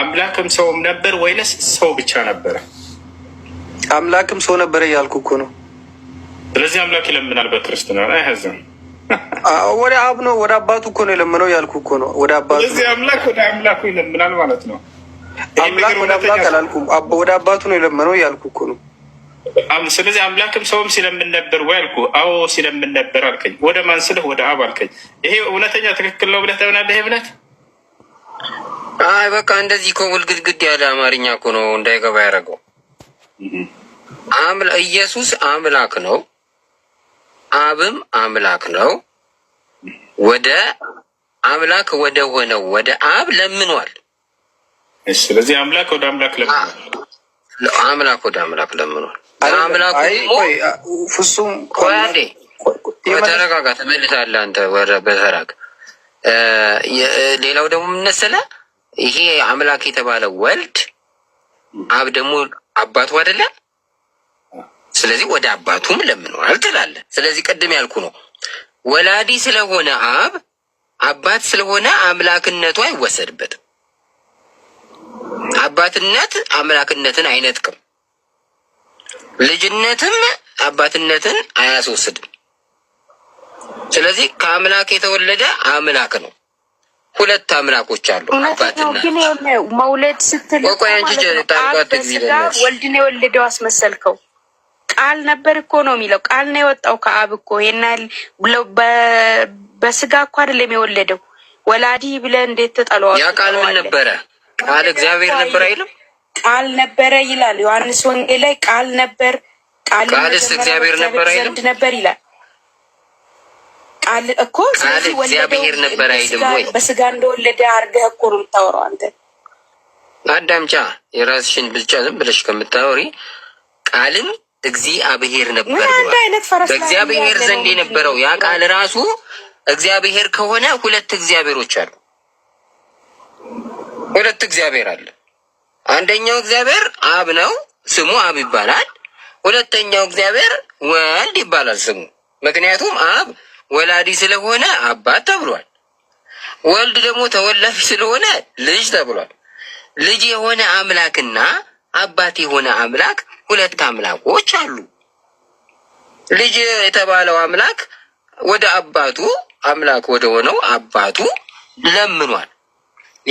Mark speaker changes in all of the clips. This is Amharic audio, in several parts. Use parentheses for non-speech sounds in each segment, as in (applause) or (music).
Speaker 1: አምላክም ሰውም ነበር ወይንስ ሰው ብቻ ነበረ?
Speaker 2: አምላክም ሰው ነበረ እያልኩ እኮ ነው።
Speaker 1: ስለዚህ አምላክ ይለምናል በክርስትና አይዘን
Speaker 2: ወደ አብ ነው ወደ አባቱ እኮ ነው የለምነው ያልኩ እኮ ነው። ወደ አባቱ
Speaker 1: ስለዚህ አምላክ ወደ አምላኩ ይለምናል ማለት ነው።
Speaker 2: አምላክ ወደ አምላክ አላልኩም፣ ወደ አባቱ ነው የለምነው ያልኩ እኮ ነው።
Speaker 1: ስለዚህ አምላክም ሰውም ሲለምን ነበር ወይ አልኩ። አዎ ሲለምን ነበር አልከኝ። ወደ ማን ስልህ ወደ አብ አልከኝ። ይሄ እውነተኛ ትክክል ነው ብለህ ተምናለህ እምነት
Speaker 3: አይ በቃ እንደዚህ እኮ ውልግድግድ ያለ አማርኛ እኮ ነው እንዳይገባ ያደረገው። ኢየሱስ አምላክ ነው፣ አብም አምላክ ነው። ወደ አምላክ ወደ ሆነው ወደ አብ ለምኗል።
Speaker 1: ስለዚህ አምላክ ወደ አምላክ ለምኗል።
Speaker 3: አምላክ ወደ አምላክ ለምኗል።
Speaker 2: አምላክ ፍጹም
Speaker 3: ተረጋጋ፣ ተመልሳለህ አንተ ወደ በተራቅ ሌላው ደግሞ ምን መሰለህ ይሄ አምላክ የተባለ ወልድ አብ ደግሞ አባቱ አይደለ? ስለዚህ ወደ አባቱም ለምኗል ትላለ። ስለዚህ ቅድም ያልኩ ነው ወላዲ ስለሆነ አብ አባት ስለሆነ አምላክነቱ አይወሰድበትም። አባትነት አምላክነትን አይነጥቅም። ልጅነትም አባትነትን አያስወስድም። ስለዚህ ከአምላክ የተወለደ አምላክ ነው። ሁለት አምላኮች አሉ።
Speaker 4: ግን መውለድ ስትል ወልድን የወለደው አስመሰልከው። ቃል ነበር እኮ ነው የሚለው። ቃል ነው የወጣው ከአብ እኮ ይናል። በስጋ እኮ አይደለም የወለደው። ወላዲ ብለ እንዴት ተጠለዋል?
Speaker 3: ያ ቃል ምን ነበረ? ቃል እግዚአብሔር ነበር አይልም?
Speaker 4: ቃል ነበረ ይላል ዮሐንስ ወንጌል ላይ ቃል ነበር።
Speaker 3: ቃልስ እግዚአብሔር ነበር አይልም?
Speaker 4: ነበር ይላል እኮ
Speaker 3: እግዚአብሔር ነበር አይልም ወይ?
Speaker 4: በስጋ እንደወለደ አድርገህ እኮ ነው የምታወራው አንተ።
Speaker 3: አዳምጫ የራስሽን ብቻ ዝም ብለሽ ከምታወሪ ቃልም እግዚአብሔር ነበር በእግዚአብሔር ዘንድ የነበረው ያ ቃል ራሱ እግዚአብሔር ከሆነ ሁለት እግዚአብሔሮች አሉ። ሁለት እግዚአብሔር አለ። አንደኛው እግዚአብሔር አብ ነው፣ ስሙ አብ ይባላል። ሁለተኛው እግዚአብሔር ወልድ ይባላል ስሙ ምክንያቱም አብ ወላዲ ስለሆነ አባት ተብሏል። ወልድ ደግሞ ተወላፊ ስለሆነ ልጅ ተብሏል። ልጅ የሆነ አምላክና አባት የሆነ አምላክ ሁለት አምላኮች አሉ። ልጅ የተባለው አምላክ ወደ አባቱ አምላክ ወደ ሆነው አባቱ ለምኗል።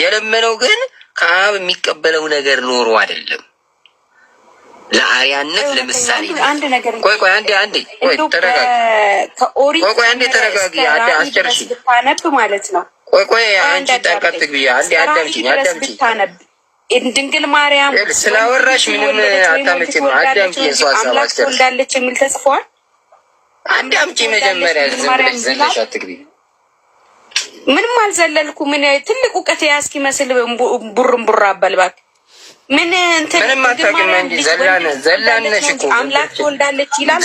Speaker 3: የለመነው ግን ከአብ የሚቀበለው ነገር ኖሮ አይደለም። ባህሪያነት ለምሳሌ አንድ ነገር ቆይ ቆይ አንዴ አንዴ ቆይ ተረጋጊ። ከኦሪት ቆይ ቆይ አንዴ ተረጋጊ። አንዴ አስጨርሺ
Speaker 4: ብታነብ ማለት ነው።
Speaker 3: ቆይ ቆይ አንቺ ጠንቀጥ ብዬ አንዴ አዳምጪኝ፣ አዳምጪኝ
Speaker 4: ድንግል ማርያም
Speaker 3: ስላወራሽ ምንም አታመጪም። አዳምጪኝ፣ የእሷ ሀሳብ
Speaker 4: አስጨርሺ። ወልዳለች የሚል ተጽፏል።
Speaker 3: አዳምጪ መጀመሪያ፣ ዝም ብለሽ ዘለሽ አትግቢ።
Speaker 4: ምንም አልዘለልኩ። ምን ትልቅ እውቀት ያስኪመስል ቡርን ቡራ አበልባክ ምን
Speaker 3: ምንም አታውቅም እንጂ ዘላን ዘላን ነሽ እኮ
Speaker 4: አምላክ ትወልዳለች ይላል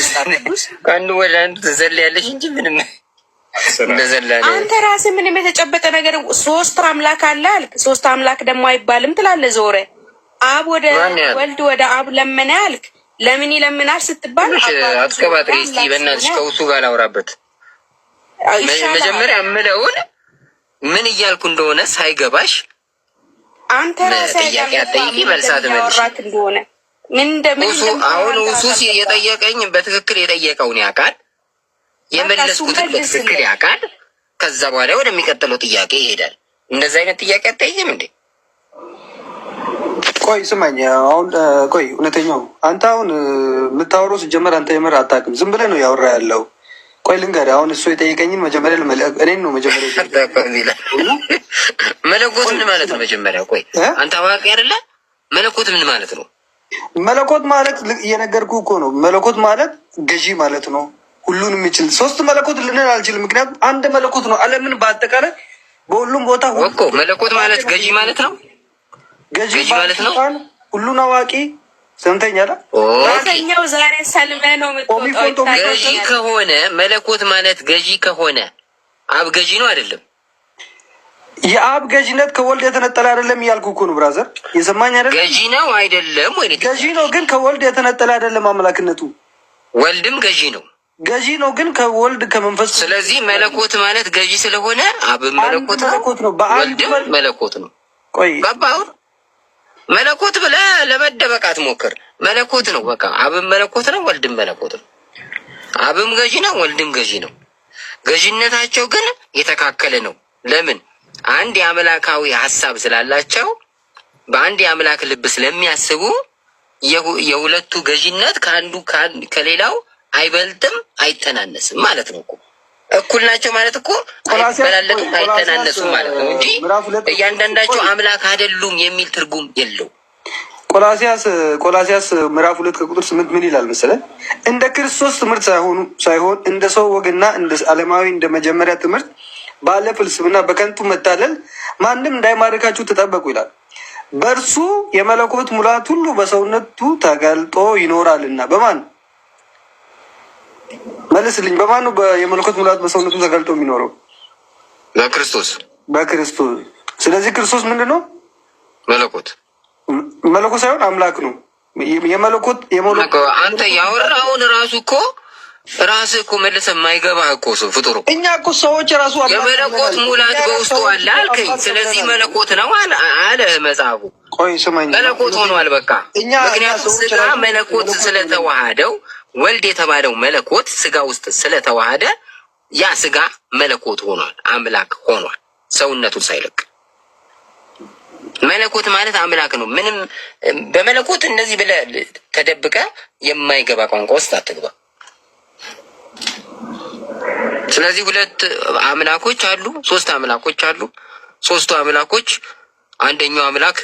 Speaker 3: ከአንድ ወደ አንዱ ትዘላለሽ እንጂ ምንም
Speaker 4: አንተ ራስህ ምንም የተጨበጠ ነገር ሶስት አምላክ አለ አልክ። ሶስት አምላክ ደግሞ አይባልም ትላለህ። ዞረ አብ ወደ ወልድ ወደ አብ ለመነ አልክ። ለምን ይለምናል ስትባል
Speaker 3: አትቀባጥሪ። እስኪ በእናትሽ ከውሱ ጋር ላውራበት። መጀመሪያ የምለውን ምን እያልኩ እንደሆነ ሳይገባሽ
Speaker 4: አንተ ራስህ
Speaker 3: አጠይቂ መልሳ
Speaker 4: ትመልሽ እንደሆነ ምን እንደምን
Speaker 3: አሁን ውሱስ የጠየቀኝ በትክክል የጠየቀውን ያውቃል፣ የመለስኩትን በትክክል ያውቃል። ከዛ በኋላ ወደሚቀጥለው ጥያቄ ይሄዳል። እንደዚ አይነት ጥያቄ አጠይቅም እንዴ?
Speaker 2: ቆይ ስማኝ፣ አሁን ቆይ እውነተኛው አንተ አሁን የምታወራው ስጀመር አንተ የምር አታውቅም። ዝም ብለህ ነው ያወራ ያለው ቆይ ልንገርህ፣ አሁን እሱ የጠየቀኝን መጀመሪያ እኔን ነው መጀመሪያ
Speaker 3: መለኮት ምን ማለት ነው? መጀመሪያ ቆይ አንተ አዋቂ አይደለ? መለኮት ምን ማለት ነው?
Speaker 2: መለኮት ማለት እየነገርኩ እኮ ነው። መለኮት ማለት ገዢ ማለት ነው። ሁሉን የሚችል ሶስት መለኮት ልንል አልችልም፣ ምክንያቱም አንድ መለኮት ነው። ዓለምን በአጠቃላይ በሁሉም ቦታ
Speaker 3: እኮ መለኮት ማለት ገዢ ማለት ነው።
Speaker 2: ገዢ ማለት ነው። ሁሉን አዋቂ ስንተኛ ላ
Speaker 4: ዛሬ ሰልመ ነው
Speaker 3: ገዢ ከሆነ መለኮት ማለት ገዢ ከሆነ አብ ገዢ ነው አይደለም?
Speaker 2: የአብ ገዥነት ከወልድ የተነጠለ አይደለም እያልኩ እኮ ነው ብራዘር፣ የሰማኝ አይደለም?
Speaker 3: ገዢ ነው አይደለም ወይ?
Speaker 2: ገዢ ነው ግን ከወልድ የተነጠለ አይደለም አምላክነቱ።
Speaker 3: ወልድም ገዢ ነው።
Speaker 2: ገዢ ነው ግን ከወልድ ከመንፈስ።
Speaker 3: ስለዚህ መለኮት ማለት ገዢ ስለሆነ አብ መለኮት ነው፣ በአንድ መለኮት ነው። ቆይ ባባሁን መለኮት ብለ ለመደበቅ አትሞክር። መለኮት ነው በቃ። አብም መለኮት ነው፣ ወልድም መለኮት ነው። አብም ገዢ ነው፣ ወልድም ገዢ ነው። ገዢነታቸው ግን የተካከለ ነው። ለምን? አንድ የአምላካዊ ሀሳብ ስላላቸው በአንድ የአምላክ ልብ ስለሚያስቡ የሁለቱ ገዢነት ከአንዱ ከሌላው አይበልጥም አይተናነስም ማለት ነው እኮ እኩል ናቸው ማለት እኮ አይበላለጡም፣ አይተናነሱም ማለት ነው እንጂ እያንዳንዳቸው አምላክ አይደሉም የሚል ትርጉም የለው።
Speaker 2: ቆላሲያስ ቆላሲያስ ምዕራፍ ሁለት ከቁጥር ስምንት ምን ይላል መሰለህ? እንደ ክርስቶስ ትምህርት ሳይሆኑ ሳይሆን እንደ ሰው ወግና እንደ ዓለማዊ እንደ መጀመሪያ ትምህርት ባለ ፍልስፍና በከንቱ መታለል ማንም እንዳይማርካችሁ ተጠበቁ ይላል። በእርሱ የመለኮት ሙላት ሁሉ በሰውነቱ ተገልጦ ይኖራልና በማን መልስልኝ። በማን ነው የመለኮት ሙላት በሰውነቱ ተገልጦ የሚኖረው? በክርስቶስ በክርስቶስ። ስለዚህ ክርስቶስ ምንድን ነው? መለኮት መለኮት ሳይሆን አምላክ ነው። የመለኮት
Speaker 3: አንተ ያወራውን ራሱ እኮ ራስህ እኮ መለሰ የማይገባ እኮ ሰው ፍጡሩ
Speaker 2: እኛ እኮ ሰዎች ራሱ
Speaker 3: የመለኮት ሙላት በውስጡ አለ አልከኝ። ስለዚህ መለኮት ነው አለ መጽሐፉ። ቆይ ስማኝ፣ መለኮት ሆኗል በቃ። ምክንያቱም ስጋ መለኮት ስለተዋሃደው ወልድ የተባለው መለኮት ስጋ ውስጥ ስለተዋሃደ ያ ስጋ መለኮት ሆኗል፣ አምላክ ሆኗል። ሰውነቱን ሳይለቅ መለኮት ማለት አምላክ ነው። ምንም በመለኮት እንደዚህ ብለ ተደብቀ የማይገባ ቋንቋ ውስጥ አትግባ። ስለዚህ ሁለት አምላኮች አሉ፣ ሶስት አምላኮች አሉ። ሶስቱ አምላኮች አንደኛው አምላክ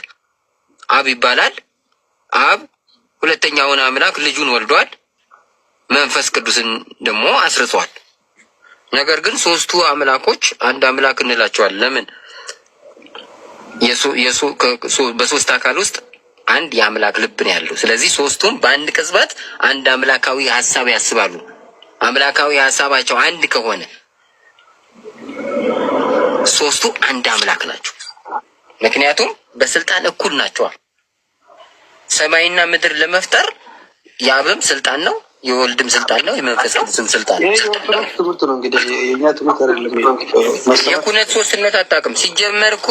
Speaker 3: አብ ይባላል። አብ ሁለተኛውን አምላክ ልጁን ወልዷል። መንፈስ ቅዱስን ደግሞ አስርቷል። ነገር ግን ሶስቱ አምላኮች አንድ አምላክ እንላቸዋል። ለምን? በሶስት አካል ውስጥ አንድ የአምላክ ልብ ነው ያለው። ስለዚህ ሶስቱም በአንድ ቅጽበት አንድ አምላካዊ ሀሳብ ያስባሉ። አምላካዊ ሀሳባቸው አንድ ከሆነ ሶስቱ አንድ አምላክ ናቸው። ምክንያቱም በስልጣን እኩል ናቸዋል። ሰማይና ምድር ለመፍጠር የአብም ስልጣን ነው የወልድም ስልጣን ነው፣ የመንፈስም ስልጣን ነው። የኩነት ሶስትነት አታውቅም። ሲጀመር እኮ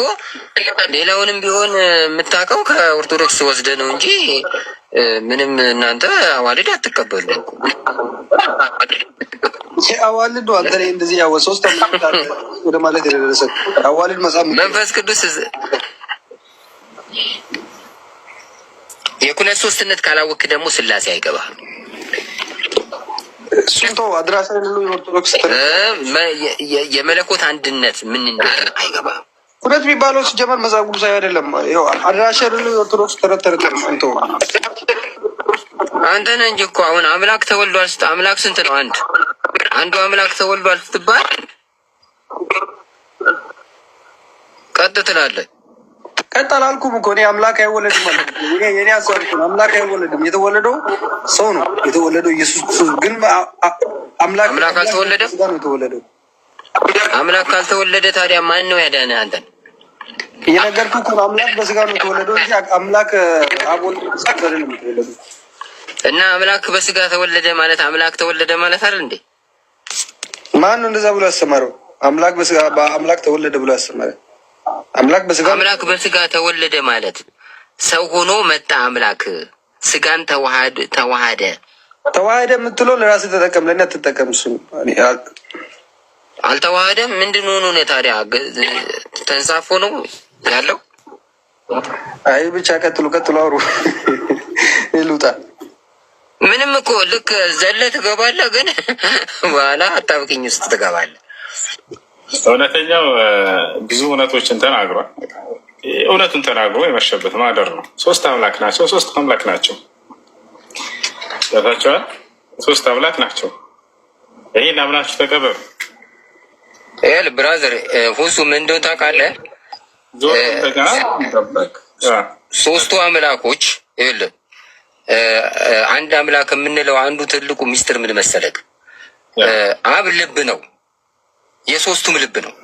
Speaker 3: ሌላውንም ቢሆን የምታውቀው ከኦርቶዶክስ ወስደ ነው እንጂ ምንም እናንተ አዋልድ አትቀበሉ።
Speaker 2: አዋልድ አንተ እንደዚህ ያወ ሶስት ወደ ማለት የደረሰ አዋልድ መጽሐፍ
Speaker 3: መንፈስ ቅዱስ የኩነት ሶስትነት ካላወክ ደግሞ ስላሴ አይገባም።
Speaker 2: እሱን ተው። አድራሻ የሌለው የኦርቶዶክስ
Speaker 3: የመለኮት አንድነት ምን እንደሆነ
Speaker 2: አይገባም። ሁለት የሚባለው ሲጀመር መጽሐፍ ቅዱሳዊ አይደለም። አድራሻ የሌለው የኦርቶዶክስ ተረት ተረት ተው።
Speaker 3: አንተ ነህ እንጂ እኮ አሁን አምላክ ተወልዷል። አምላክ ስንት ነው? አንድ አንዱ አምላክ ተወልዷል ስትባል ቀጥ ትላለህ።
Speaker 2: ቀጥ አላልኩም እኮ እኔ አምላክ አይወለድም ማለት የኔ አቋርኩ አምላክ አይወለድም። የተወለደው ሰው ነው የተወለደው ኢየሱስ ክርስቶስ ግን አምላክ
Speaker 3: አልተወለደም። አምላክ ካልተወለደ ታዲያ ማን ነው ያዳነ አንተን?
Speaker 2: የነገርኩህ እኮ አምላክ በስጋ ነው የተወለደው እንጂ አምላክ አቦል ሰገደን የተወለደው
Speaker 3: እና አምላክ በስጋ ተወለደ ማለት አምላክ ተወለደ ማለት አይደል እንዴ?
Speaker 2: ማን ነው እንደዛ ብሎ ያስተማረው? አምላክ በስጋ አምላክ ተወለደ ብሎ ያስተማረ አምላክ በስጋ
Speaker 3: አምላክ በስጋ ተወለደ ማለት ሰው ሆኖ መጣ። አምላክ ስጋን ተዋሃደ። ተዋሃደ
Speaker 2: የምትለው ለራስህ ተጠቀም፣ ለእኔ አትጠቀም። እሱ
Speaker 3: አልተዋሃደም። ምንድን ሆኖ ነው ታዲያ? ተንሳፎ ነው ያለው።
Speaker 2: አይ ብቻ ቀጥሉ፣ ቀጥሉ፣ አውሩ (laughs) ይሉጣ።
Speaker 3: ምንም እኮ ልክ ዘለ ትገባለህ፣ ግን በኋላ አጣብቅኝ ውስጥ ትገባለህ።
Speaker 1: እውነተኛው ብዙ እውነቶችን ተናግሯል። እውነቱን ተናግሮ የመሸበት ማደር ነው። ሶስት አምላክ ናቸው። ሶስት አምላክ ናቸው ታቸዋል። ሶስት አምላክ ናቸው። ይህን አምናችሁ ተቀበሉ።
Speaker 3: ል ብራዘር ሁሱ ምን እንደሆነ ታውቃለህ? ሶስቱ አምላኮች ል አንድ አምላክ የምንለው አንዱ ትልቁ ሚስጥር ምን መሰለህ? አብ ልብ ነው የሶስቱም ልብ ነው።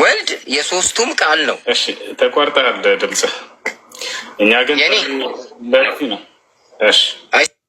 Speaker 3: ወልድ የሶስቱም ቃል ነው።
Speaker 1: እሺ ተቆርጠሃል ድምፅህ። እኛ ግን
Speaker 3: ነው።
Speaker 1: እሺ